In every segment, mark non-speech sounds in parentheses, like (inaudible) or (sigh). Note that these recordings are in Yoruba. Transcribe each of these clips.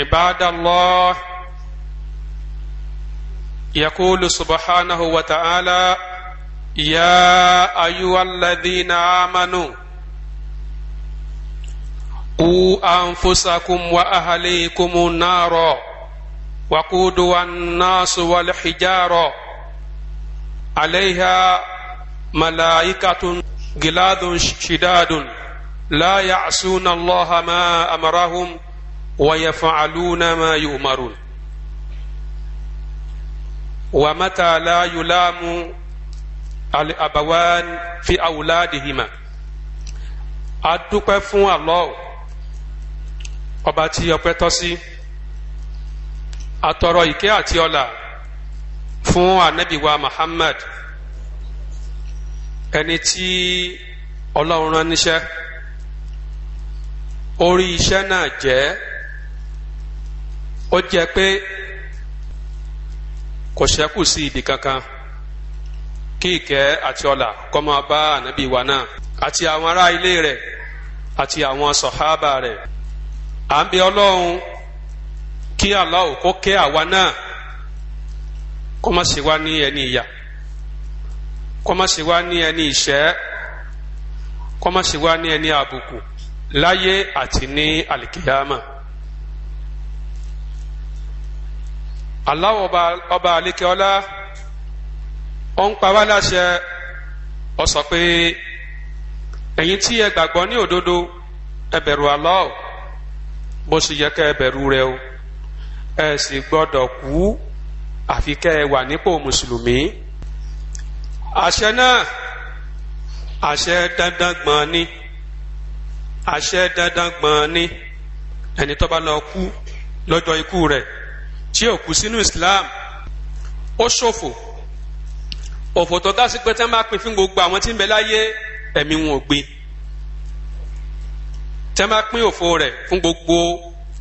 عباد الله يقول سبحانه وتعالى يا أيها الذين آمنوا قوا أنفسكم وأهليكم النار وقودها الناس والحجار عليها ملائكة غلاظ شداد لا يعصون الله ما أمرهم ويفعلون ما يؤمرون ومتى لا يلام الأبوان في أولادهما adúpẹ́ fún Allah ọba tí ọpẹ́ tọ́ sí atọrọ ìkẹ́ àti ọlà fún anabiwa Muhammad ẹni tí Ọlọ́run rán níṣẹ́ orí iṣẹ́ náà jẹ́ ó jẹ́ pé kò ṣẹ́kù sí ibi kankan kí ìkẹ́ àti Ola kó máa bá ànábì wa náà àti àwọn ará ilé rẹ̀ àti àwọn sọ̀hábà rẹ̀ à ń bẹ ọlọ́run kí Allah kó kẹ́ àwa náà kó má ṣe wá ní ẹni ìyà kó má ṣe wá ní ẹni ìṣẹ́ kó má ṣe wá ní ẹni àbùkù láyé àti ní àlìkìyàmà. Allah ọba àlékeọlá ó ń pa wá láṣẹ ó sọ pé ẹ̀yin tí ẹ gbàgbọ́ ní òdodo ẹ bẹ̀rù Allah bó ṣe yẹ kẹ́ ẹ bẹ̀rù rẹ̀ o ẹ sì gbọ́dọ̀ kú àfi kẹ́ ẹ wà nípò mùsùlùmí àṣẹ náà àṣẹ dandan gbọ̀n ni àṣẹ dandan gbọ̀n ni ẹni tó bá lọ kú lọ́jọ́ ikú rẹ̀ tí ò kú sínú Islam ó ṣòfò òfò tó dá sí pé tí wọ́n bá pín fún gbogbo àwọn tí ń bẹ láyé ẹ̀mí wọn ò gbé tí wọ́n bá pín òfò rẹ̀ fún gbogbo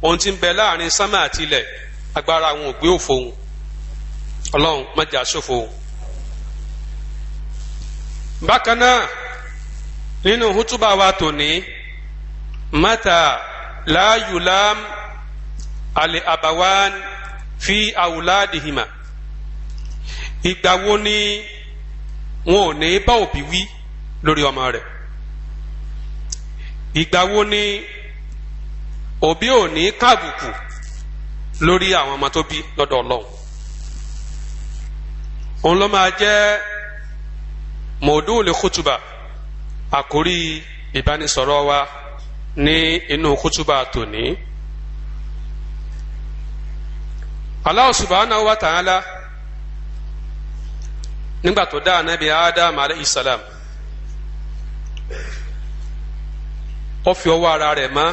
ohun tí ń bẹ láàrin sánmà àti ilẹ̀ agbára wọn ò gbé òfò wọn Ọlọ́run má ṣòfò wọn. bákan náà nínú hútùbà wa tòní mata láàyùlám àlè àbáwáni fi awladihima ìgbà wo ni wọn ò ní bá òbí wí lórí ọmọ rẹ̀ ìgbà wo ni òbí ò ní kábùkù lórí àwọn ọmọ tó bí lọ́dọ̀ Ọlọ́run òun ló máa jẹ́ mòdúùlù kútùbà àkórí ìbánisọ̀rọ̀ wa ní inú kútùbà tòní. Allah subhanahu wa ta'ala nígbà tó dá anabi adam alayhi salam ó fi ọwọ́ ara rẹ̀ mọ́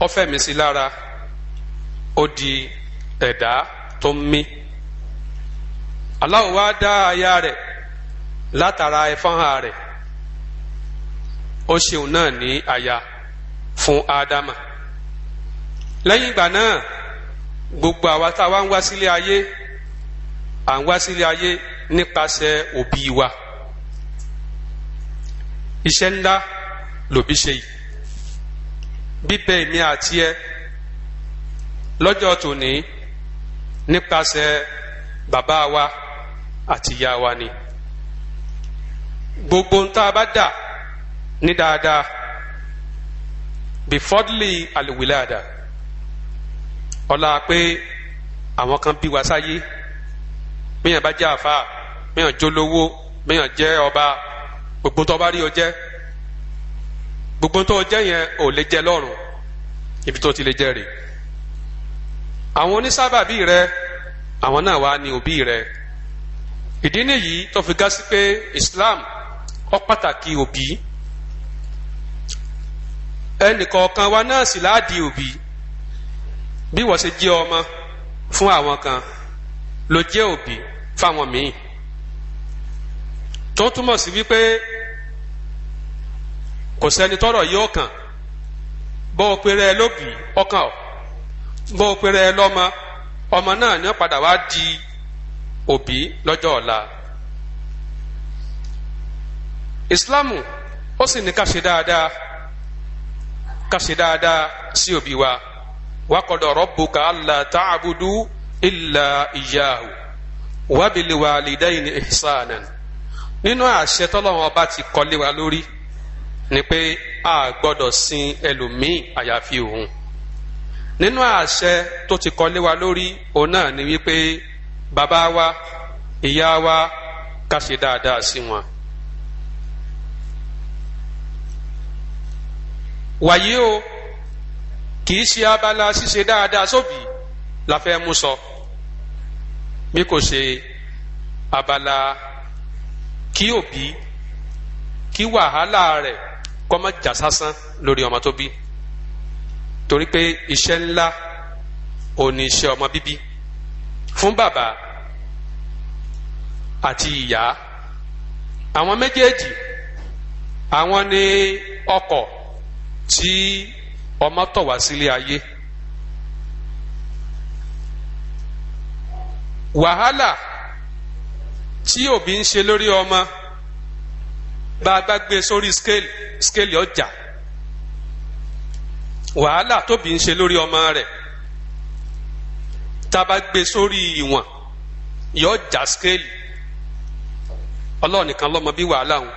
ó fẹ̀mí sí lára ó di ẹ̀dá tó ń mí Allah wá dá aya rẹ̀ látara ẹ̀fọ́n rẹ̀ ó ṣeun náà ní aya fún ádámà lẹ́yìn ìgbà náà gbogbo àwa tá a wá ń wá sílé ayé à ń wá sílé ayé nípasẹ̀ òbí wa iṣẹ́ ńlá lòbí ṣe yìí bíbẹ èmi àti ẹ lọ́jọ́ tòní nípasẹ̀ bàbá wa àti ìyá wa ni gbogbo ń tá a bá dà ní dáadáa bífọ́dúlì àlùwìlà dáa ọlá pé àwọn kan bí wa sáyé bẹ́yàn bá jẹ́ àfa bẹ́yàn jólówó bẹ́yàn jẹ́ ọba gbogbo tó bá rí ọ jẹ́ gbogbo tó jẹ́ yẹn ò lè jẹ́ lọ́rùn ibi tó ti lè jẹ́ rè àwọn onísábàbí rẹ àwọn náà wà ní òbí rẹ ìdí nìyí tó fi gá sí pé Islam ó pàtàkì òbí ẹnìkọ̀ọ̀kan wa náà sì láàdì òbí bí wọ́n ṣe jẹ́ ọmọ fún àwọn kan ló jẹ́ òbí fáwọn míì tó túmọ̀ sí wípé kò sẹ́ni tọ́rọ̀ yìí ọkàn bọ́ ọ pé rẹ lóbì ọkàn ọ bọ́ ọ pé rẹ lọ́mọ ọmọ náà ni ó padà wá di òbí lọ́jọ́ ọ̀la ìsìláàmù ó sì ní ká ṣe dáadáa ká ṣe dáadáa sí òbí wa wakọdọ rọbuka ala taabudu ila iyahu wabili walidaini ihsanan nínú àṣẹ tọlọ́run ọba ti kọlé wa lórí ni pé a gbọ́dọ̀ sin ẹlòmíì àyàfi òun nínú àṣẹ tó ti kọlé lórí òun náà ni wípé bàbá wa ìyá wa ká dáadáa sí wọn. wàyí o kì í ṣe abala ṣíṣe dáadáa sóbì la fẹ́ mú sọ bí kò ṣe abala kí òbí kí wàhálà rẹ̀ kọ́ má jà sásán lórí ọmọ tó bí torí pé iṣẹ́ ńlá ò ní iṣẹ́ ọmọ bíbí fún bàbá àti ìyá àwọn méjèèjì àwọn ni ọkọ̀ tí ọmọ tọ̀ wá sílé ayé wàhálà tí òbí ń ṣe lórí ọmọ bá a bá gbé e sórí scale scale ọjà wàhálà tóbi ń ṣe lórí ọmọ rẹ̀ tá a bá gbé e sórí ìwọ̀n yọ ọjà scale ọlọ́ọ̀nìkan lọ́mọ bí wàhálà òun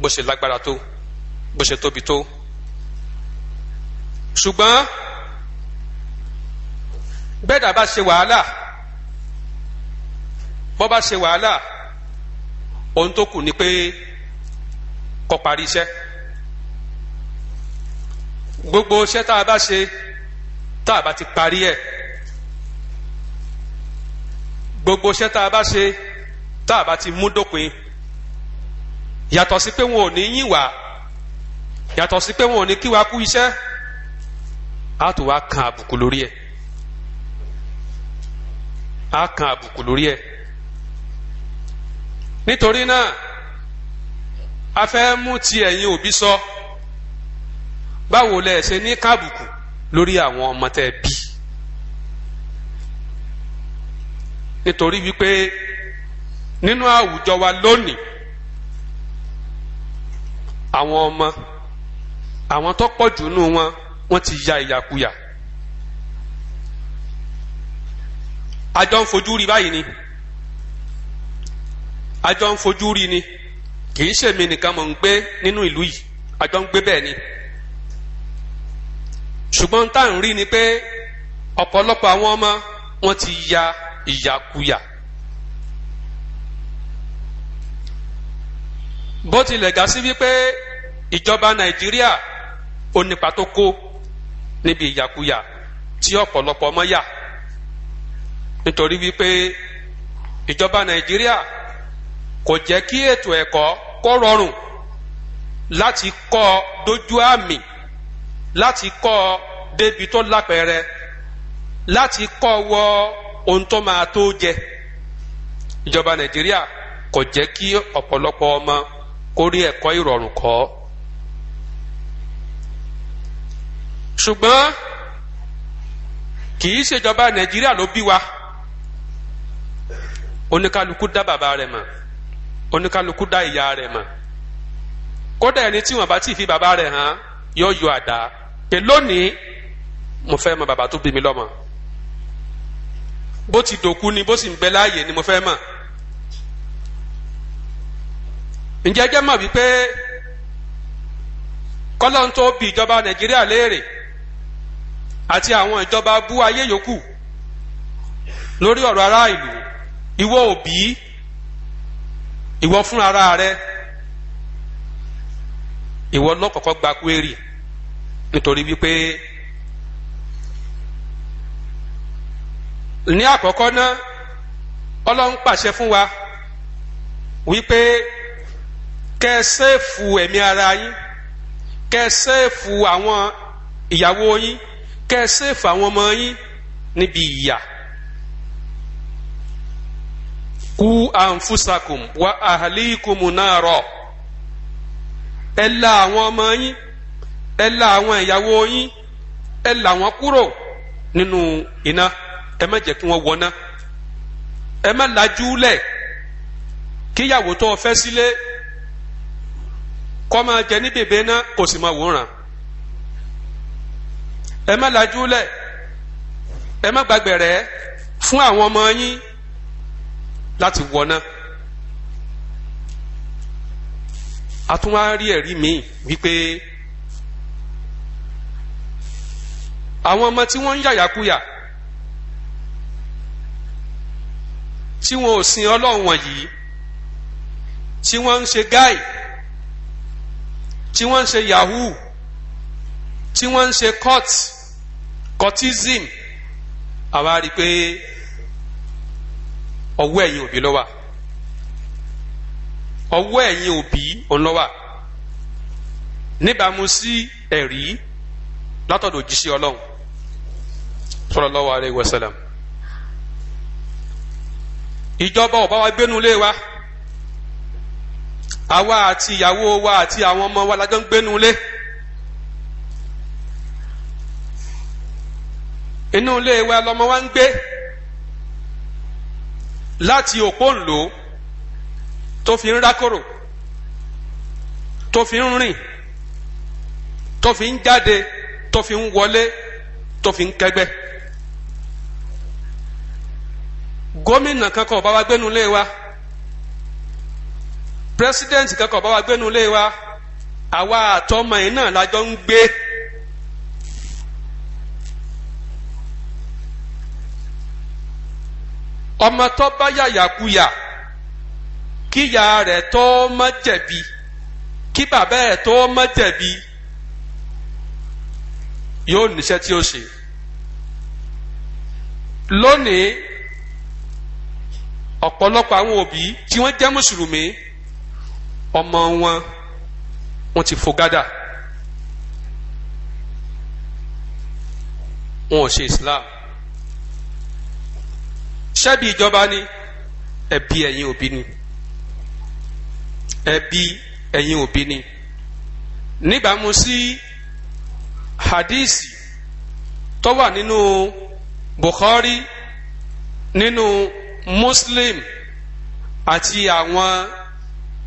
bó ṣe lágbára tó bó ṣe tóbi tó ṣùgbọ́n bẹ́ẹ̀dá bá ṣe wàhálà bọ́ bá ṣe wàhálà ohun tó kù ni pé kó parí iṣẹ́ gbogbo iṣẹ́ tá a bá ṣe tá a bá ti parí ẹ̀ gbogbo iṣẹ́ tá a bá ṣe tá a bá ti mú dópin yàtọ̀ sí pé wọn ò ní yín wá yàtọ̀ sí pé wọn ò ní kí wa kú iṣẹ́ a tún wá kan àbùkù lórí ẹ̀ a kan àbùkù lórí ẹ̀ nítorí náà a fẹ́ mú ti ẹ̀yin òbí sọ báwo lẹ ṣe ní kábùkù lórí àwọn ọmọ tẹ́ bí nítorí wípé nínú àwùjọ wa lónìí àwọn ọmọ àwọn tó pọ̀ jù nù wọn wọ́n ti ya ìyàkuyà àjọ ń fojú rí báyìí ni àjọ ń fojú rí ni kì í ṣèmi nìkan mò ń gbé nínú ìlú yìí àjọ ń gbé bẹ́ẹ̀ ni ṣùgbọ́n tá à ń rí ni pé ọ̀pọ̀lọpọ̀ àwọn ọmọ wọn ti ya ìyàkuyà bó tilẹ̀ gà sí wípé ìjọba Nàìjíríà ó kó níbi ìyàkuyà tí ọ̀pọ̀lọpọ̀ ọmọ yà nítorí wípé ìjọba nàìjíríà kò jẹ́ kí ètò ẹ̀kọ́ kó rọrùn láti kọ́ ọ dojú àmì láti kọ́ ọ débi tó lápẹẹrẹ láti kọ́ wọ ohun tó máa tó jẹ ìjọba nàìjíríà kò jẹ́ kí ọ̀pọ̀lọpọ̀ ọmọ kó ẹ̀kọ́ ìrọ̀rùn kọ́ ṣùgbọ́n kì í ṣèjọba nàìjíríà ló bí wa oníkálukú dá bàbá rẹ̀ mọ̀ oníkálukú dá ìyá rẹ̀ mọ̀ kódà ẹni tí wọn bá ti fi bàbá rẹ̀ hàn yóò yọ àdá pé lónìí mo fẹ́ mọ̀ bàbá tó bí mi lọ́mọ bó ti dòkú ni bó sì ń bẹ láàyè ni mo fẹ́ mọ̀ ǹjẹ́ jẹ́ mọ̀ wípé kọ́lọ́n bí ìjọba nàìjíríà léèrè àti àwọn ìjọba bú ayé yòókù lórí ọ̀rọ̀ ará ìlú ìwọ òbí ìwọ fún ara rẹ ìwọ lọ́kọ̀ọ́kọ́ gba kwérì nítorí wípé ní àkọ́kọ́ náà ọlọ́run pàṣẹ fún wa wípé kẹ́ ẹ sẹ́ẹ̀fù ẹ̀mí ara yín kẹ́ sẹ́ẹ̀fù àwọn ìyàwó yín kẹ́ ẹ sèfù àwọn ọmọ yín níbi ìyà ku anfusakum wa ahalikum naaro ẹ la àwọn ọmọ yín ẹ la àwọn ìyàwó yín ẹ la wọn kúrò nínú iná ẹ má jẹ́ kí wọ́n wọná ẹ má lajú lẹ̀ kíyàwó tó fẹ́ sílé kó máa jẹ ní bèbè náà kò sì máa wòran. ẹ má lajú lẹ̀ ẹ má gbàgbẹ̀rẹ̀ fún àwọn ọmọ yín láti wọná a tún wá rí ẹ̀rí míì wípé àwọn ọmọ tí wọ́n ń yàyàkuyà tí wọn ò sin ọlọ́run wọ̀nyí tí wọ́n ń ṣe gáì tí wọ́n ń ṣe yahoo tí wọ́n ń ṣe court cortism àwa rí i pé ọwọ́ ẹ̀yìn òbí ló wà ọwọ́ ẹ̀yìn òbí òun ló wà níbàámu sí ẹ̀rí látọ̀dọ̀ òjíṣẹ́ ọlọ́run sallallahu alaihi wasallam ìjọba ọba wa gbénu lé wa àwa àti ìyàwó wa àti àwọn ọmọ wa la jọ ń gbénu lé. inú ilé wa lọmọ wa ń gbé láti òpóǹlò tó fi ń rákòrò tó fi ń rìn tó fi ń jáde tó fi ń wọlé tó fi ń kẹgbẹ́ gómìnà kankan ọba wa gbénu ilé wa pírẹsidẹ́ǹtì kankan ọba wa gbénu ilé wa àwa àtọmọ yìí náà la jọ ń gbé. ọmọ tó bá yàyàkuyà kíyà rẹ̀ tó má jẹ̀bi kí bàbá rẹ̀ tó má jẹ̀bi yóò níṣẹ́ tí ó ṣe lónìí ọ̀pọ̀lọpọ̀ àwọn òbí tí wọ́n jẹ́ mùsùlùmí ọmọ wọn wọ́n ti fògádà wọn ò ṣe Islam ṣebí ìjọba ni ẹbí ẹ̀yin òbí ni ẹbí ẹ̀yin òbí ni níbàámu sí hadísì tó wà nínú Bukhari nínú Muslim àti àwọn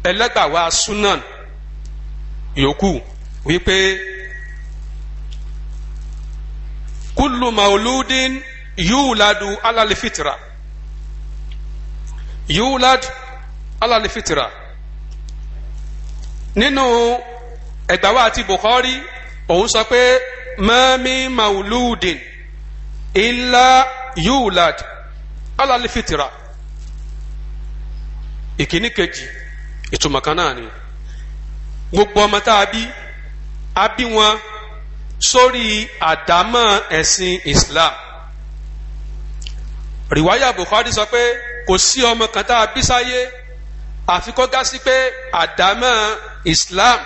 ẹlẹ́gbàwá sunan yòókù wípé kullu mauludin yuladu ala al-fitra yulad alali fitira nínú ẹgbàá àti bukhari òun sọ pé mami mauludin illa yulad alali fitira ìkíní kejì ìtumọ̀ kan náà ni gbogbo ọmọ tá a bí a bí wọn sórí àdámọ̀ ẹ̀sìn islam riwaya bukhari sọ pé kò sí ọmọ kan tá a bí sáyé àfi gá sí pé àdámọ́ Islam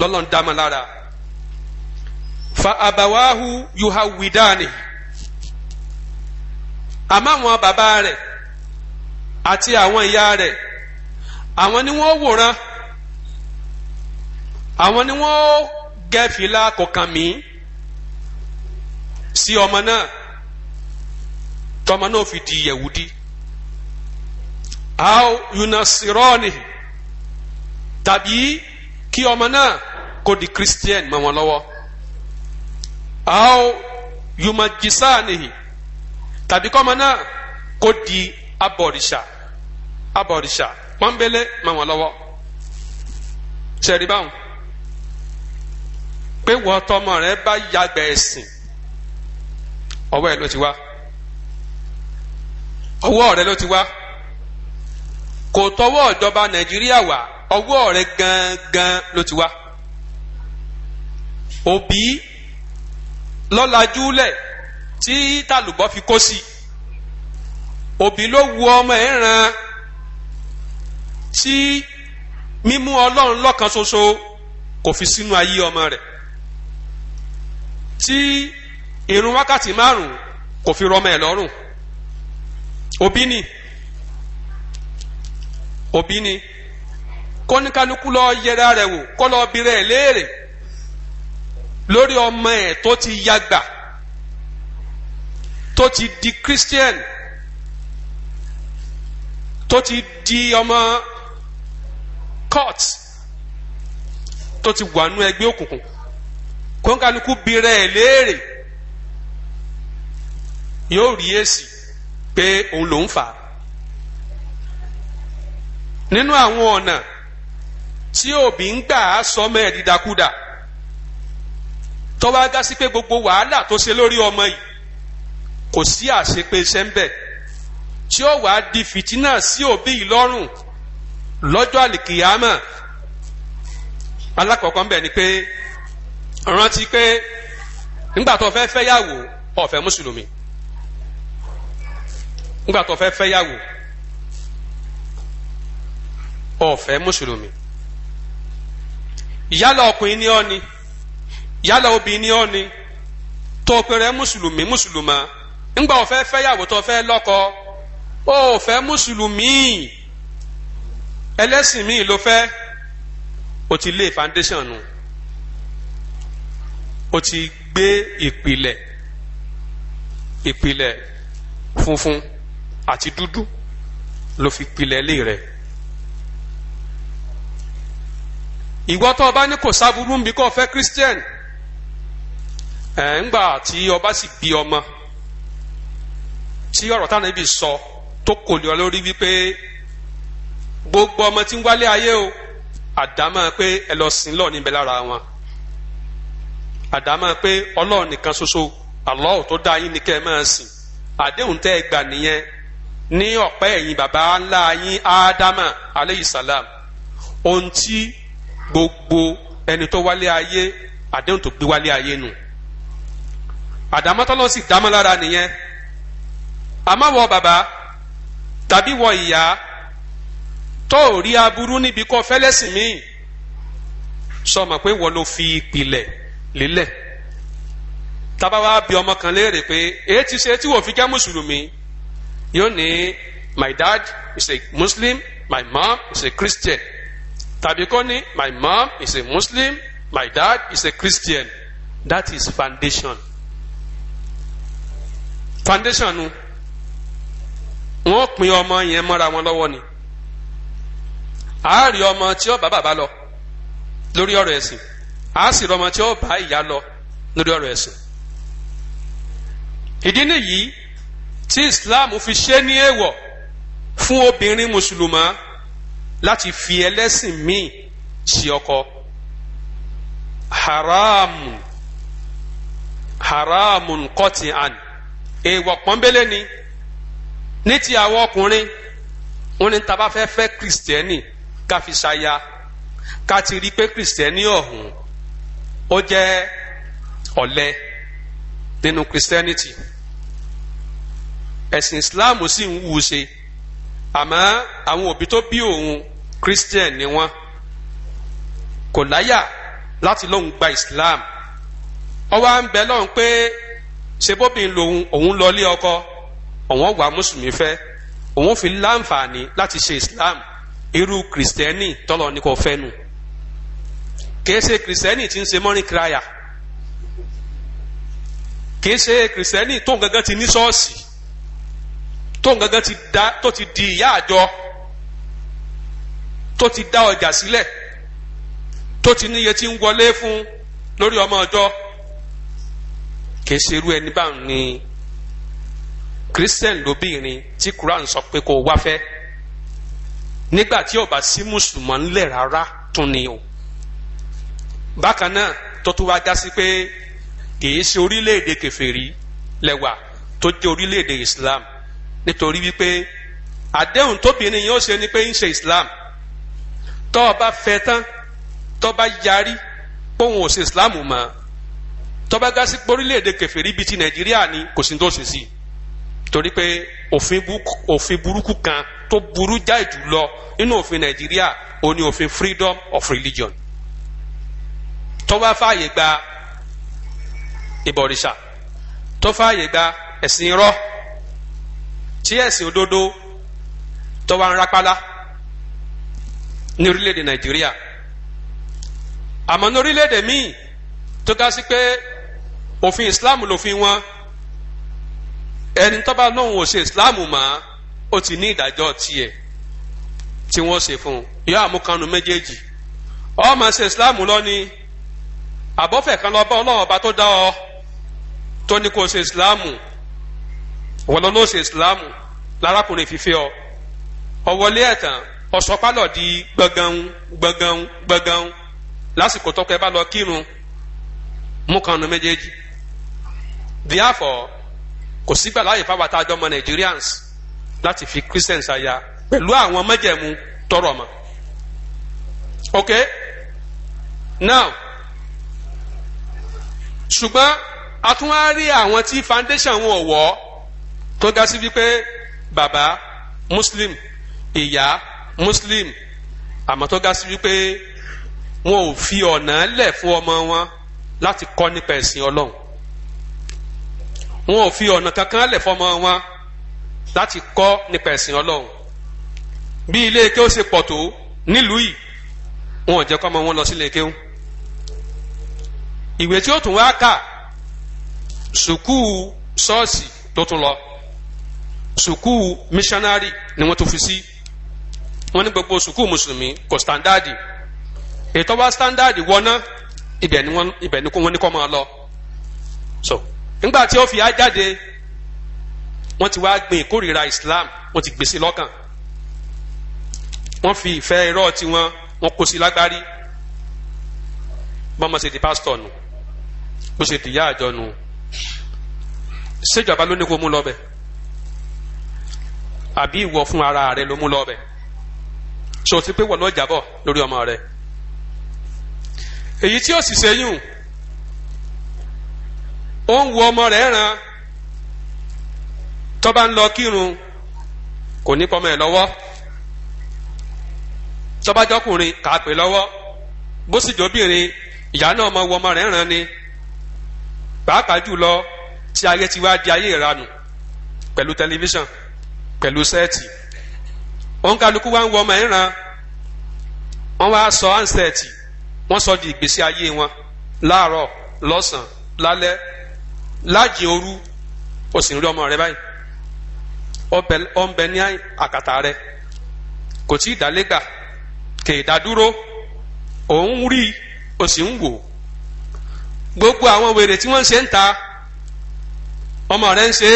lọ́lọ́n dámọ́ lára fa abawahu yuhawidani àmọ́ àwọn bàbá rẹ̀ àti àwọn ìyá rẹ̀ àwọn ni wọ́n wòran àwọn ni wọ́n gẹ kọ̀ọ̀kan mí sí ọmọ náà tọmọ náà fi di yẹwudi aw yunasirọni tàbí kí ọmọ náà kó di christian mọ́ wọn lọ́wọ́ aw yumajisani tàbí kọ́mọ náà kó di abọ̀rìṣà abọ̀rìṣà pọ́nbélé mọ́ wọn lọ́wọ́ sẹ́rí báwọn pé wọ́n tọmọ rẹ bá yàgbẹ́ ẹ̀sìn ọwọ́ ẹ̀ ló ti wá ọwọ́ rẹ ló ti wá kò tọwọ́ ìjọba nàìjíríà wá ọwọ́ rẹ gangan ló ti wá òbí lọ́lajúlẹ̀ tí tàlùbọ́ fi kó sí òbí ló wu ọmọ ẹ̀ ràn tí mímú ọlọ́run lọ́kan ṣoṣo kò fi sínú ayé ọmọ rẹ̀ tí ìrun wákàtí márùn kò fi rọmọ ẹ̀ lọ́rùn òbí ni òbí ni kọ́níkálukú lọ yẹra rẹ̀ wò kọ́ lọ bi rẹ̀ léèrè lórí ọmọ ẹ̀ tó ti yàgbà tó ti di christian tó ti di ọmọ court tó ti wà nú ẹgbẹ́ òkùnkùn kọ́níkálukú bi léèrè yóò rí èsì pé òun ló ń fà á nínú àwọn ọ̀nà tí òbí ń gbà á sọmọ ẹ̀ dídakúdà tọ́wá dá sí pé gbogbo wàhálà tó ṣe lórí ọmọ yìí kò sí àṣepé iṣẹ́ ń bẹ̀ tí ó wàá di fìtínà sí òbí yìí lọ́rùn lọ́jọ́ àlìkìyàmọ̀ alákọ̀ọ́kọ́ ń bẹ̀ ni pé rántí pé nígbà tó fẹ́ fẹ́ yàwó ó mùsùlùmí. ngba tó fẹ́ fẹ́ yàwó ọ̀fẹ́ mùsùlùmí yálà ọkùnrin ni ọ́ ni yálà obìnrin ni ọ́ ni tó o pèrè mùsùlùmí mùsùlùmá nígbà ó fẹ́ yàwó tó fẹ́ lọ́kọ ọ̀fẹ́ mùsùlùmí ẹlẹ́sìn míì ló fẹ́ o ti lé foundation nù o ti gbé ìpìlẹ̀ ìpìlẹ̀ funfun. àti dúdú ló fi pilẹ̀ ilé rẹ̀ ìwọ tó ọba ní kò sábúrú ń bí kò fẹ́ christian ẹ̀ ńgbà tí ọba sì bí ọmọ tí ọ̀rọ̀ táwọn ibi sọ tó kò lè ọ lórí wípé gbogbo ọmọ tí ń wálé ayé o àdámọ́ pé ẹ lọ sìn lọ́ọ̀ níbẹ̀ lára wọn àdámọ́ pé ọlọ́ọ̀ nìkan ṣoṣo Allah tó dá yín ni kẹ́ ẹ máa sìn àdéhùn tẹ́ ẹ gbà nìyẹn ní ọ̀pẹ́ ẹ̀yìn baba ńlá yín ádámà salam ohun tí gbogbo ẹni tó wálé ayé àdéhùn tó gbé wálé ayé nù àdámọ́tọ́lọ́ sì dámọ́ lára nìyẹn àmọ́ wọ bàbá tàbí wọ ìyá tó ò rí aburú níbi kọ́ fẹ́lẹ́sìn míì sọmọ pé wọ́n ló fi ìpìlẹ̀ lélẹ̀ tábà bí ọmọ kan léèrè pé èyí ti ṣe tí wọ́n fi jẹ́ mùsùlùmí yóò ní my dad is a muslim my mom is a christian tàbí kọ́ ní my mom is a muslim my dad is a christian that is foundation foundation nu wọ́n pín ọmọ yẹn mọ́ra wọn lọ́wọ́ ni a rí ọmọ tí ó bá bàbá lọ lórí ọ̀rọ̀ ẹ̀sìn a sì rí tí ó bá ìyá lọ lórí ọ̀rọ̀ ẹ̀sìn ìdí nìyí tí islam fi ṣe ní èèwọ̀ fún obìnrin mùsùlùmá láti fi ẹlẹ́sìn míì ṣe ọkọ haramu haramu nkọ́tì àn èèwọ̀ pọ́nbélé ni ní ti àwọn ọkùnrin wọn ni tá a bá fẹ́ fẹ́ kìrìsìtẹ́nì ká fi rí pé kìrìsìtẹ́nì ọ̀hún ó jẹ́ ọ̀lẹ nínú kìrìsìtẹ́nìtì. No ẹ̀sìn islam sì ń wù ú ṣe àmọ́ àwọn òbí tó bí òun christian ni wọ́n kò láyà láti lóun gba islam ọwọ́ à ń bẹ lọ́hùn pé sebóbìn lòun òun lọlé ọkọ òun wà mùsùlùmí fẹ́ òun fi láǹfààní láti ṣe islam irú kìrìsìtẹ́nì tọ́lọ̀ ní kò fẹ́ nu kìí ṣe kìrìsìtẹ́nì tí ń ṣe mọ́rin kíráyà kìí ṣe kìrìsìtẹ́nì tó gangan ti ní ṣọ́ọ̀ṣì tó gangan ti da tó ti di ìyá àjọ tó ti dá ọjà sílẹ̀ tó ti níye tí ń wọlé fún lórí ọmọ ọjọ́ kìí ẹni bá ń ní christian lóbìnrin tí quran sọ pé kó wá fẹ́ nígbà tí ó bá sí mùsùlùmọ́ ńlẹ̀ rárá tún ni o bákan náà tó tún wá dá sí pé kìí ṣe orílẹ̀-èdè kèfèrí lẹ́wà tó jẹ́ orílẹ̀-èdè islam nítorí wípé àdéhùn tóbìnrin yóò ṣe ni pé ń ṣe islam tó o bá fẹ́ tán tó o bá yarí póun ò ṣe islam mọ́ tó bá gá sí orílẹ̀-èdè kèfèrí bíi ti nàìjíríà ni kò sí tó ṣe sí torí pé òfin burúkú kan tó burú jáì jùlọ nínú òfin nàìjíríà ó ní òfin freedom of religion tó bá fààyè gba ìbọ̀rìṣà tó fààyè gba ẹ̀sìn irọ́ tí ẹ̀sìn òdodo tó wà ń rápálá ní orílẹ̀-èdè nàìjíríà àmọ́ ní orílẹ̀-èdè míì tó ga sí pé òfin islam lòfin wọn ẹni tó bá lóun ò ṣe islam mọ́ ó ti ní ìdájọ́ tiẹ̀ tí wọ́n ṣe fún un yóò àmúkanu méjèèjì ó ṣe islam lọ ni kan lọ bá ọlọ́run ọba tó dá ọ tó ní kó ṣe islam wọn lọ lóṣè ìsìláàmù lárákùnrin fífẹ́ ọ ọwọlé ẹ̀tàn ọ̀sọ́pálọ̀ di gbọ̀ngàn gbọ̀ngàn gbọ̀ngàn lásìkò tọkọ ẹ bá lọ kírun mú kanu méjèèjì therefore kò sígbà láàyè fáwọn àtàjọ ọmọ Nigerians láti fi Christians aya pẹ̀lú àwọn mẹ́jẹ̀mú tọrọ mọ́ ok now ṣùgbọ́n a tún wá rí àwọn tí foundation wọn ò tó ga sí wípé bàbá muslim ìyá muslim àmọ́ tó ga sí wípé wọn ò fi ọ̀nà lẹ̀ fún ọmọ wọn láti kọ́ nípa ẹ̀sìn ọlọ́run wọn ò fi ọ̀nà kankan lẹ̀ fọmọ wọn láti kọ́ nípa ẹ̀sìn ọlọ́run bí ilé ike ó ṣe pọ̀ tó nílùú yìí wọn ò jẹ́ kọ́ ọmọ wọn lọ sílé ike ó ìwé tí ó tún wá kà sùkúù ṣọ́ọ̀ṣì tó tún lọ sukuu missionary ni wọ́n tó fi sí wọ́n ní gbogbo sukuu mùsùlùmí kò standaadi ètò wa standaadi wọná ibẹ̀ ni wọ́n ni kọ́ máa lọ so nígbà tí ó fi á jáde ti wá gbìn ìkórìíra Islam wọ́n ti gbèsè lọ́kàn wọ́n fi ìfẹ́ irọ́ tiwọn wọ́n kó sí lágbárí bọ́mọ ṣe di pásítọ̀ nù bó ṣe di ìyá àjọ nù ló ní kó mú lọ bẹ́ẹ̀. àbí ìwọ fún ara rẹ ló mú lọ bẹ̀ so ti pé wọ́n lọ jábọ̀ lórí ọmọ rẹ èyí tí ó sì ṣẹ́yìn ó ń wo ọmọ rẹ ràn tó bá ń lọ kírun kò ní pọmọ ẹ̀ lọ́wọ́ tó bá jọkùnrin kà á pè lọ́wọ́ bó sì jọbìnrin ìyá náà mọ wo ọmọ rẹ ràn ni pàápàá jùlọ tí ayé ti wá di ayé ìranù pẹ̀lú tẹlifíṣàn. pẹ̀lú sẹ́ẹ̀tì òǹkàlùkù wa ń wọ ọmọ ìran wọ́n wá sọ wọ́n sọ di ìgbésí ayé wọn láàárọ̀ lọ́sàn-án lálẹ́ láàjì sì ń rí ọmọ rẹ báyìí ó ń rẹ kò tí ì dálégbà kè é dádúró òun gbogbo àwọn wèrè tí wọ́n ń ọmọ rẹ ń ṣe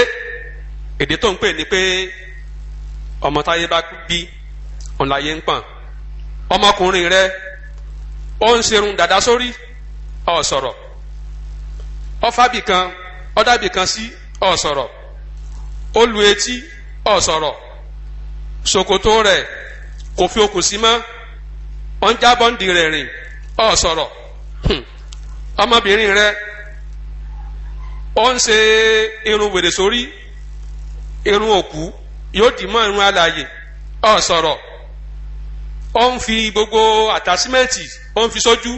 èdè tó ọmọ táyé bá bí òun láyé ń pọ̀n ọmọkùnrin rẹ ó ń serun dàda sórí ó sọ̀rọ̀ ọfàbì kan ọdàbì kan sí ó sọ̀rọ̀ ó lu etí ó sọ̀rọ̀ ṣòkòtò rẹ̀ kò fi okùn sí mọ́ ó ń jábọ́ ń di rẹ̀ rìn ó sọ̀rọ̀ hmm. ọmọbìnrin rẹ ó ń ṣe irun wèrè sórí irun òkú yóò dì mọ́ irun alààyè ọ sọ̀rọ̀ ọ ń fi gbogbo àtàsímẹ́ǹtì ọ ń fi sójú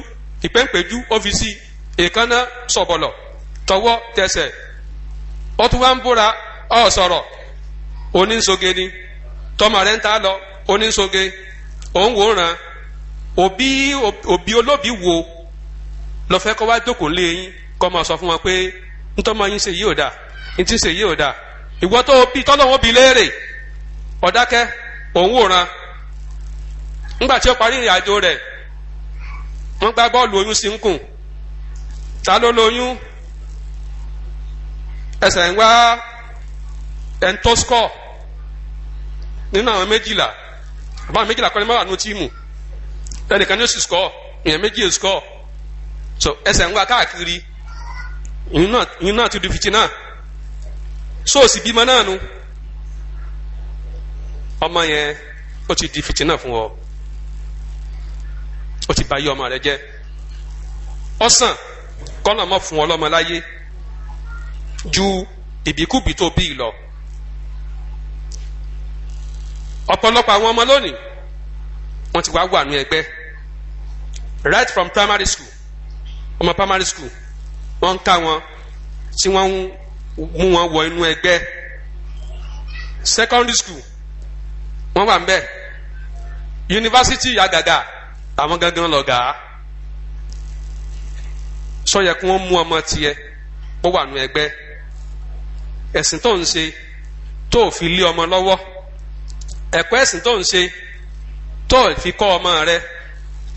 ìpẹ́ǹpẹ́jú ó fi sí èékánná sọ̀bọ̀lọ̀ tọwọ́ tẹsẹ̀ ó tún wá ń búra ọ̀ sọ̀rọ̀ oníṣoge ni tọmọ rẹ ń ta lọ oníṣoge òun wò ràn òbí òbí olóbì wo lọ fẹ kọ́ wá jókòó lé yín kọ́ máa sọ fún wọn pé ntọ́mọ yín ṣe yìí ò dáa ntí ṣe yìí ò dáa ìwọ tó bí tọ́lọ́wọ́ bí léèrè ọ̀dákẹ́ òun wòran ńgbà tí ó parí ìrìn àjò rẹ̀ wọ́n gbá bọ́ọ̀lù oyún sí ń kùn ta ló lóyún ẹsẹ̀ ń wá ẹni tó score nínú àwọn méjìlá àbá méjìlá kọ́ni máa wà nínú tíìmù ẹnìkan yóò score èèyàn méjì yóò score so ẹsẹ̀ ń wá káàkiri ìyún náà ti so òsì bímọ náà nu ọmọ yẹn ó ti di fìtínà fún ọ ó ti bà yí ọmọ rẹ jẹ́ ọsàn kọ́nà mọ́ fún ọlọ́mọ láyé ju ìbíkúbi tó bí lọ ọ̀pọ̀lọpọ̀ àwọn ọmọ lónìí wọ́n ti wá wà ní ẹgbẹ́ right from primary school ọmọ primary school wọ́n ń ká wọn tí wọ́n ń mú wọn wọ inú ẹgbẹ secondary school wọn wà ńbẹ̀ yunifásitì àgàgà àwọn gangan lọ̀gá sọyẹ kí wọ́n mú ọmọ tiẹ̀ ó wà nú ẹgbẹ́ ẹ̀sìn tó ń ṣe tó fi lé ọmọ lọwọ ẹ̀kọ́ ẹ̀sìn tó ń ṣe tó fi kọ ọmọ rẹ̀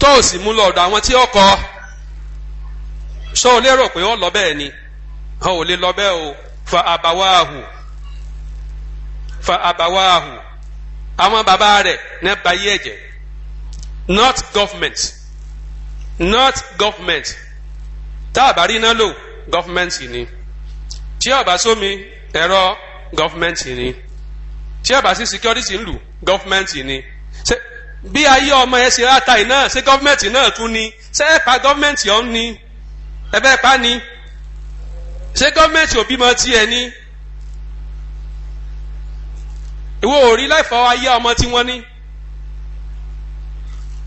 tó sì mú lọ́dọ̀ àwọn tí ó kọ sọ ò lérò pé ó lọ bẹ́ẹ̀ ni ó ò lè lọ bẹ́ẹ̀ o. fa àbáwáhù fa àbáwáhù àwọn bàbá rẹ̀ ní bayé ẹ̀jẹ̀ not government not government tá a bá rí iná lò government ni tí a bá sómi ẹ̀rọ government ni tí a sí security ń lù government ni ṣe bí ayé ọmọ ẹ ṣe ráta iná ṣe government náà tún ni ṣe ẹ pa government ọ̀hún ni ẹ bẹ́ẹ̀ pa ni. ṣé gọọmenti obi ma tiẹ̀ ní ni ò ori láì ya ọmọ tí wọn ni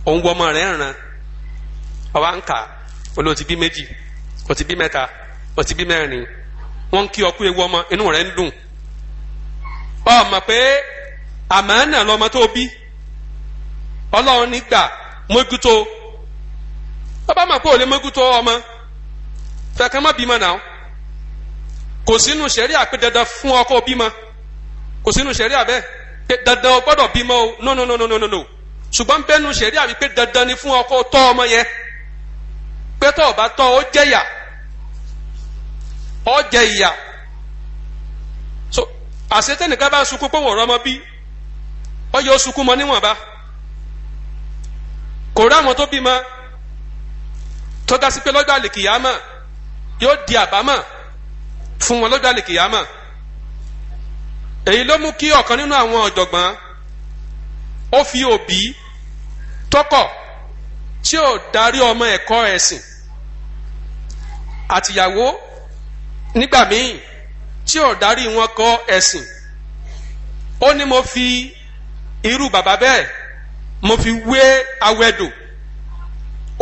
òun wọ ọmọ rẹ̀ ń ràn ọba à ń kà olóò ti bí méjì ó ti bí mẹ́ta ó ti bí mẹ́rin wọ́n kí ọkú ewu ọmọ inú rẹ̀ ń dùn ọmọ pé àmàánà lọmọ tó bí ọlọ́run nígbà mójútó ọba mọ̀ pé ò lè mójútó ọmọ fẹ̀kẹ́ mọ́ bímọ náà. kò sínú sẹ̀rí àpé dandan fún ọkọ bímọ kò sínú sẹ̀rí àbẹ́ pé dandan o gbọ́dọ̀ bímọ o no no no no no no ṣùgbọ́n bẹ́nu sẹ̀rí àbí pé dandan ni fún ọkọ tọ́ ọmọ yẹn pé tọ́ ọba tọ́ ó jẹ̀yà ó jẹ ìyà so àṣetẹ́nìkan bá sunkún pé wọ́n rọmọ bí ó yọ sunkún mọ níwọ̀nba kò rí àwọn tó bímọ tó dá sí pé lọ́jọ́ àlèkìyàmọ̀ yóò di àbámọ̀ fún wọn lọ́jọ́ àlìkìyàmọ̀ èyí ló mú kí ọ̀kan nínú àwọn ọ̀jọ̀gbọ́n ó fi òbí tọkọ tí ò darí ọmọ ẹ̀kọ́ ẹ̀sìn àtìyàwó nígbà míì tí ò darí wọn kọ́ ẹ̀sìn ó ní mo fi irú bàbá bẹ́ẹ̀ mo fi wé awẹ́dò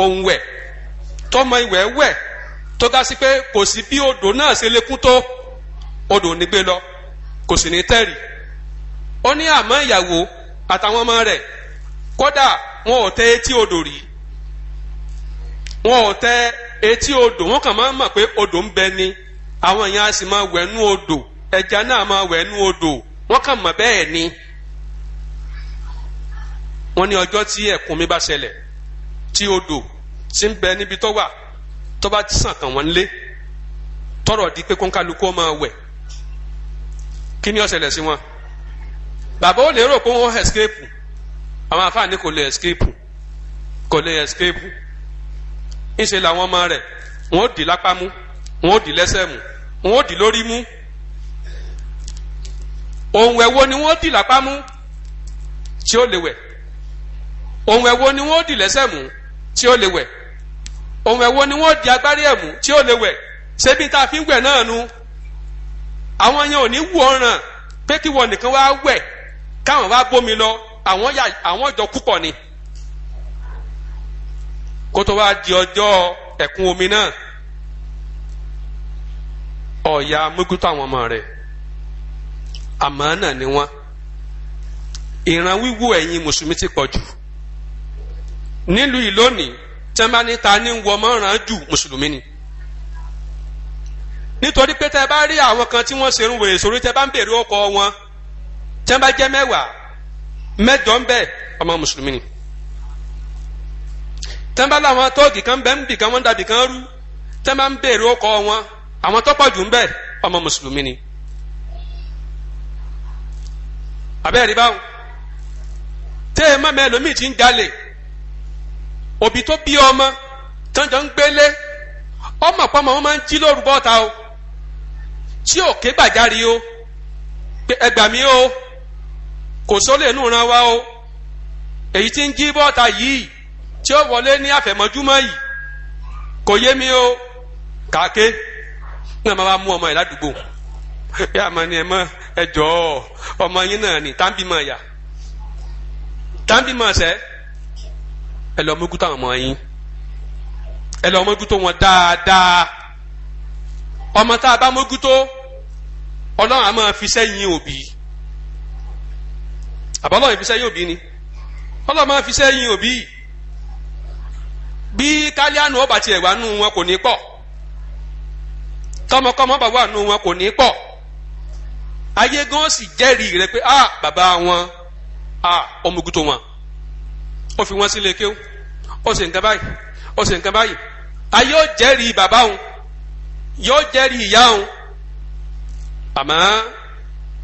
òun tọmọ ìwẹ̀ wẹ̀ tó ga sí pé kò sí bí odò náà ṣe lékún tó odò ní gbé lọ kò sì ní tẹ̀rì ó ní àmọ́ ìyàwó àtàwọn ọmọ rẹ̀ kódà wọn ò tẹ etí odò rí wọn ò tẹ etí odò wọn kàn máa mọ̀ pé odò ń bẹ ni àwọn èèyàn si sì máa wẹ̀nú odò ẹja náà máa wẹ̀nú odò wọn kàn mọ̀ bẹ́ẹ̀ ni wọn ní ọjọ́ tí ẹ̀kún mi bá ṣẹlẹ̀ tí odò ti ń bẹ níbi tó wà tó bá sàn tàn wọ́n lé tọrọ di pé kónkálukú ọmọ wẹ̀ kí ni ó ṣẹlẹ̀ sí wọn bàbá ó lè rò pé wọ́n ẹ̀skẹ́pù àwọn afáàní kò lè ẹ̀skẹ́pù kò lè ẹ̀skẹ́pù ńṣe làwọn ọmọ rẹ̀ wọ́n ó dì lápá mú wọ́n ó dì lẹ́sẹ̀ mú wọ́n ó dì lórí mú ohun ẹ̀wọ́ ni wọ́n ó dì lápá mú tí ó lè wẹ̀ ohun ẹ̀wọ́ ni wọ́n ó dì lẹ́sẹ̀ mú tí ó lè wẹ̀ òun ẹ̀wọ́ ni wọ́n di agbárí ẹ̀mú tí ó lè wẹ̀ ṣébi tá a fi ń wẹ̀ náà nu àwọn yẹn ò ní wù ọ̀ràn pé kí wọ́n nìkan wá wẹ̀ káwọn wá bómi lọ àwọn yà àwọn ìjọ púpọ̀ ni kó tó wá di ọjọ́ ẹ̀kún omi náà ọ̀ya mójútó àwọn ọmọ rẹ̀ àmánà ni wọ́n ìran wíwò ẹ̀yin mùsùlùmí ti pọ̀ jù nílùú ìlónìí tí ta ní wọ mọ́ràn jù mùsùlùmí ni nítorí pé tẹ́ bá rí àwọn kan tí wọ́n ṣerun wèrè sórí tẹ́ bá ń bèrè ọkọ wọn tí wọ́n bá jẹ́ mẹ́wàá mẹ́jọ ń bẹ ọmọ mùsùlùmí ni tí wọ́n bá láwọn tóògì kan bẹ́ẹ̀ ń bì kan wọ́n ń dàbì kan rú tí bá ń bèrè ọkọ wọn àwọn tó pọ̀ jù ń bẹ ọmọ mùsùlùmí ni abẹ́rẹ́ báwọn tẹ́ ẹ má mẹ́lòmíì ti ń jalè òbí tó bí ọmọ tọ́jọ́ ń gbélé ọmọ pọ́mọ wọn máa ń jí lóru bọ́ta o tí òkè gbàjáre o pé ẹgbà mi o kò sólè nù ran wa o èyí tí ń jí bọ́ta yìí tí ó wọlé ní àfẹ̀mọ́júmọ́ yìí kò yé mi o kàké náà máa mú ọmọ yìí ládùúgbò bí àmọ́ ni ẹ mọ ẹ jọ̀ọ́ ọmọ yín náà ni tàbí yà tàbí sẹ́ẹ́ ẹ lọ mójútó àwọn ọmọ yín ẹ lọ mójútó wọn dáadáa ọmọ tá a bá mójútó ọlọ́run a máa fi sẹ́yìn òbí àbọ̀lọ́run fi sẹ́yìn òbí ni ọlọ́run máa fi sẹ́yìn òbí bí kálíánù ọba tiẹ̀ wà nù wọn kò ní pọ̀ tọmọkọmọ bàbá wà nù wọn kò ní pọ̀ ayé gan sì jẹ́rìí rẹ pé ah bàbá wọn ah ọmọ ògùtò wọn ó fi wọn sílé kéwù ó ṣe nǹkan báyìí ó ṣe nǹkan báyìí ta yóò jẹ́rìí bàbá òun yóò jẹ́rìí ìyá òun àmọ́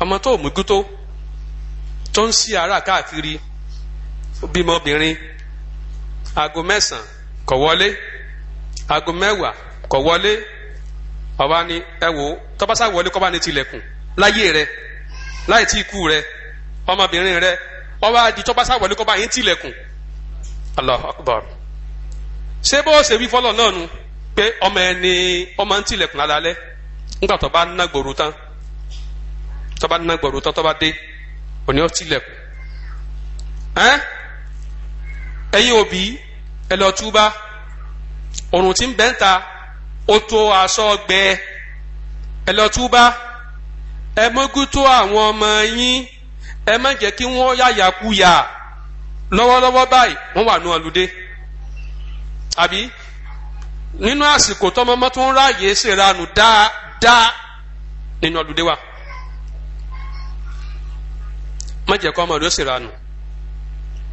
ọmọ tó mú gútó tó ń sí ara káàkiri bímọ obìnrin aago mẹ́sàn-án kò wọlé aago mẹ́wàá kò wọlé ọba ni ẹ wò tọ́pásá wọlé kọ́ba ni tilẹ̀kùn láyé rẹ láì tí ikú rẹ ọmọbìnrin rẹ ọba di tọ́pásá wọlé kọ́ba yín tilẹ̀kùn Allahu Akbar ṣé bó ṣe wí fọlọ́ náà nu pé ọmọ ẹni ọmọ ń tilẹ̀kùn alalẹ́ nígbà tó bá ń ná gbòòrò tán tó bá ń ná gbòòrò tán tó bá dé òní ó tilẹ̀kùn ẹ̀yin òbí ẹ lọ túbá òrùn tí ń bẹ́ ń ta ó tó aṣọ gbẹ ẹ Ya lọ́wọ́lọ́wọ́ báyìí wọ́n wà nù ọlùdé àbí nínú àsìkò tọmọmọ tó ń ráàyè ṣèranù dáadáa nínú ọlùdé wa má jẹ́ kó ọmọ rẹ̀ ó ṣèranù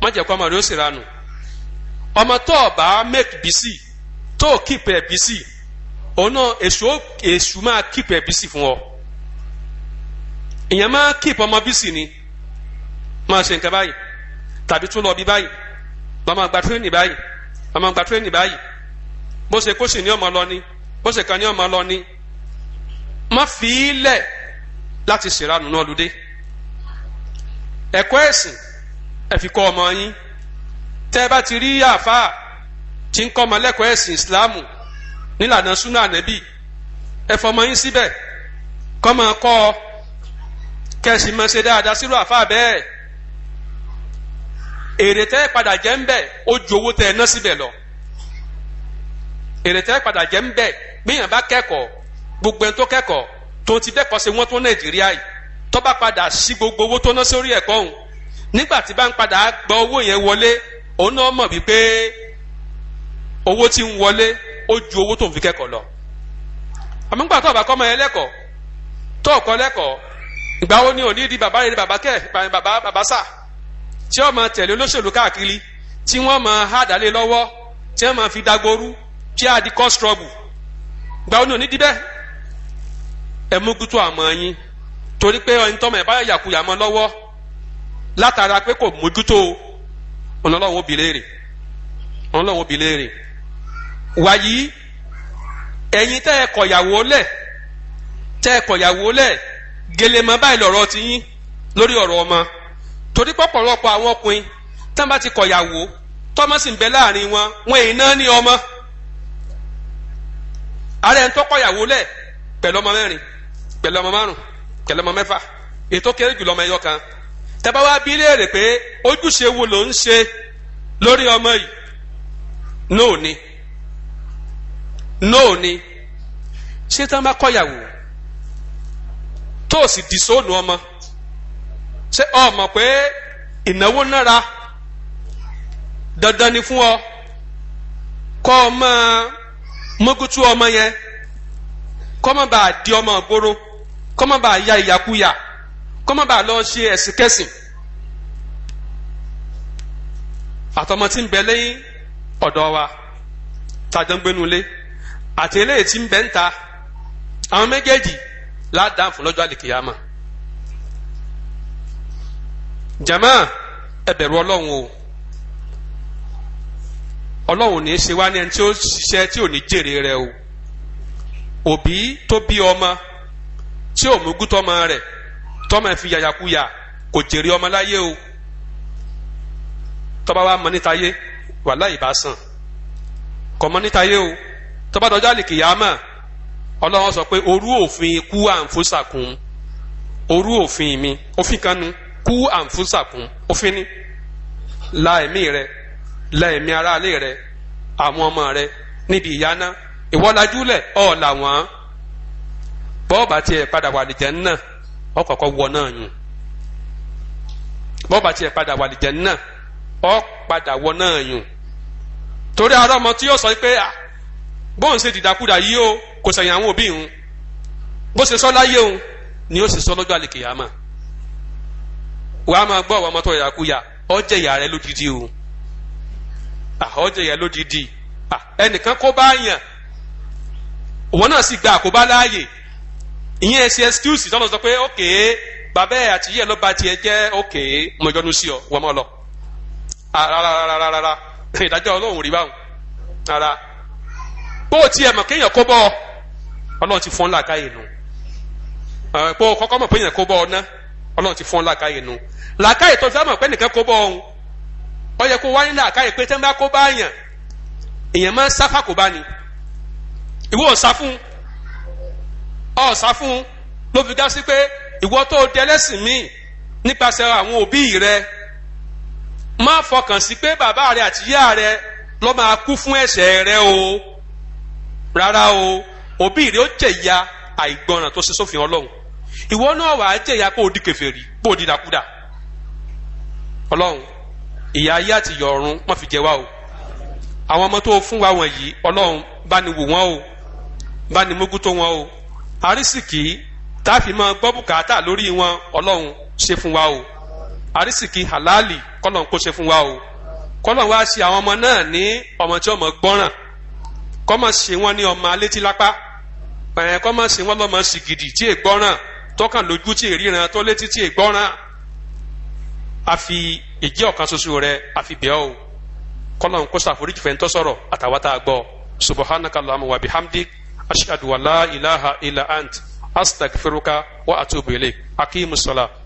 má jẹ́ kó ọmọ rẹ̀ ó ṣèranù ọmọ tó o bá make busy tó keep ẹ busy òun náà èṣù èṣù máa keep ẹ busy fún ọ ìyẹn máa keep ọmọ busy ni máa ṣe nǹkan báyìí tàbí tún lọ bí báyìí lọ máa gba tírénì báyìí lọ máa gba tírénì báyìí bó ṣe kó sì ní ọmọ lọ ni bó ṣe kàn ní ọmọ lọ ni má fi í lẹ̀ láti ṣèrànù náà lóde ẹ̀kọ́ ẹ̀sìn ẹ fi kọ́ ọmọ yín tẹ́ ẹ bá ti rí àáfàá tí ń kọ́ ọmọ lẹ́kọ̀ọ́ ẹ̀sìn ìsìláàmù nílànà súnà ànẹ́bì ẹ fọmọ yín síbẹ̀ kọ́ máa kọ́ ọ kẹ́sì máa ṣe dáadáa sírò àáfàá bẹ́ẹ̀ èrè tẹ́ padà jẹ́ ń bẹ̀ ó ju owó tẹ́ ẹ ná síbẹ̀ lọ èrè tẹ́ padà jẹ́ ń bẹ̀ gbìyàn bá kẹ́kọ̀ọ́ gbogbo ẹni tó kẹ́kọ̀ọ́ tó ti dẹ́kọ̀ọ́ ṣe wọ́n tó nàìjíríà yìí tó bá padà sí gbogbo owó tó ná sórí ẹ̀kọ́ òun nígbà tí bá ń padà gba owó yẹn wọlé òun náà mọ̀ wípé owó tí ń wọlé ó ju owó tó ń fi kẹ́kọ̀ọ́ lọ àmọ́ nígbà tó ọ̀bà kọ́ ọmọ yẹn lẹ́kọ̀ọ́ tó ọ̀kọ́ lẹ́kọ̀ọ́ ìgbà wo ni òní di bàbá yẹn bàbá kẹ́ bàbá bàbá sáà tí ọ máa tẹ̀lé olóṣèlú káàkiri tí wọ́n máa hádàlé lọ́wọ́ tí wọ́n máa fi dagboru kí á di cause trouble gba oní òní díbẹ́ ẹ àmọ́ yín torí pé ọyìn tọ́mọ ẹ̀ bá yàkuyà mọ́ lọ́wọ́ látara pé kò léèrè léèrè wàyí ẹ̀yin tẹ́ ẹ kọ̀yàwó lẹ̀ tẹ́ ẹ kọ̀yàwó lẹ̀ báyìí torí pọ̀pọ̀lọpọ̀ àwọn ọkùnrin tán bá ti kọ̀yàwó tọ́mọ sì ń bẹ láàrin wọn wọn èyí náà ní ọmọ ààrẹ ń tọ́kọ̀yàwó lẹ̀ pẹ̀lú ọmọ mẹ́rin pẹ̀lú ọmọ márùn pẹ̀lú ọmọ mẹ́fà ètò kéré jùlọ ọmọ ẹyọ kan tẹ́bá wá bí léèrè pé ojúṣe wo ló ń ṣe lórí ọmọ yìí nóò ni nóò ni ṣé tá a máa kọ̀yàwó tó o sì dì sóònù ọmọ ṣé o mọ̀ pé ìnáwó nára dandan ni fún ọ kọ́ ọ mọ mọ́gútú ọmọ yẹn kọ́ mọ́ bá di ọmọ gbòòrò kọ́ mọ́ bá ya ìyàkuyà kọ́ mọ́ bá lọ ṣe ẹ̀sìnkẹ́sìn àtọmọ tí ń bẹ lẹ́yìn ọ̀dọ̀ wa tàjọ́ ń gbénulé àti tí ń bẹ ń ta àwọn méjèèjì ládàá fún lọ́jọ́ àlìkìyàmọ̀ jama ẹ bẹ̀rù ọlọ́run o ọlọ́run ní í ṣe wá ní ẹni tí ó ṣiṣẹ́ tí ò ní jèrè rẹ o òbí tó bí ọmọ tí ò mú gútọ́mọ rẹ̀ tọ́mọ fi yàyàkuyà kò jèrè ọmọ láyé o tọ́ba wa mọ níta yé wàhálà ìbásàn kò mọ níta yé o tọ́ba dọjọ́ àlìkìyàmọ̀ ọlọ́run sọ pé orú òfin ikú à ń fòsàkùn orú òfin mi òfin kan kú ànfúsàkún òfin ni la ẹ̀mí rẹ la ẹ̀mí aráalé rẹ àwọn ọmọ rẹ níbi ìyáná ìwọ́lajúlẹ̀ ọ̀ làwọn bọ́ọ̀bà tiẹ̀ padà wà lìjẹ́ náà wọ náà yùn bọ́ọ̀bà tiẹ̀ padà wà lìjẹ́ náà wọ náà yùn torí ara ọmọ tí yóò sọ pé à bóun ṣe dìdàkudà o kò sẹ̀yìn àwọn òbí bó ṣe sọ láyé ni sọ wàá máa gbọ́ àwọn ọmọ tó yàkúyà ọjẹ́ ìyá rẹ lódìdí o ọjẹ́ ìyá lódìdí ẹnìkan kó bá yàn òun náà sì gba àkóbá láàyè ìyẹn ẹsẹ excuse tọ́lọ̀ sọ pé ok bàbá ẹ̀ àti yíyẹ ló ba tiẹ̀ jẹ́ ok mo jọ́nu sí ọ wọ́n mọ́ lọ rárá (laughs) ìdájọ́ ọlọ́run rí báwọn rárá bó o tiẹ̀ mọ̀ kéèyàn kó bọ́ ọ ọlọ́run ti fún ọ́ làákàyè nù pé o kọ́kọ́ mọ̀ pé kó bọ́ ọ náà ọlọ́run ti fún ọ làákàyè nu làákàyè tó fi àmọ̀ pé nìkan kó bọ́ ọ̀hún ó yẹ kó wá ní làákàyè pé tẹ́ ń bá kó bá yàn èèyàn máa ń sáfà kó bá ni ìwọ ọ̀sá fún ọ̀sá fún ló fi dá sí pé ìwọ tó dẹlẹ́sìn míì nípasẹ̀ àwọn òbí rẹ má fọkàn sí pé bàbá rẹ àti ìyá rẹ ló máa kú fún ẹ̀ṣẹ̀ rẹ o rárá o òbí rẹ ó jẹ̀yà àìgbọràn tó ṣe sófin ọlọ́run ìwọ náà wàá jẹ̀yà kó o di kèfèrí kó o di dàkúdà ọlọ́run ìyà ayé àti ìyà ọ̀run má fi jẹ wá o àwọn ọmọ tó o fún wa wọ̀nyí ọlọ́run bá ní wò wọ́n o bá ní mógú wọn o àrísìkì tá máa gbọ́ bùkátà lórí wọn ọlọ́run ṣe fún wa o àrísìkì halali kọ́lọ́n kó ṣe fún wa o kọ́lọ́n wá ṣe àwọn ọmọ náà ní ọmọ tí ọmọ gbọ́ràn kọ́mọ ṣe wọ́n ní ọmọ alétílápá kọ́mọ ṣe wọ́n lọ́mọ ṣìgìdì tí ègbọ́ràn tọ́kàn lójú tí ìríran tó létí tí ìgbọ́ràn àfi ìjẹ́ ọ̀kan ṣoṣo rẹ̀ àfi bẹ́ẹ̀ o kọ́lọ́n kó ṣàforíjì fẹ́ tó sọ̀rọ̀ àtàwọn tá a gbọ́ subhanaka allahumma wa bihamdik ashhadu wa la ilaha illa ant astaghfiruka wa atubu ilayk akimu salat.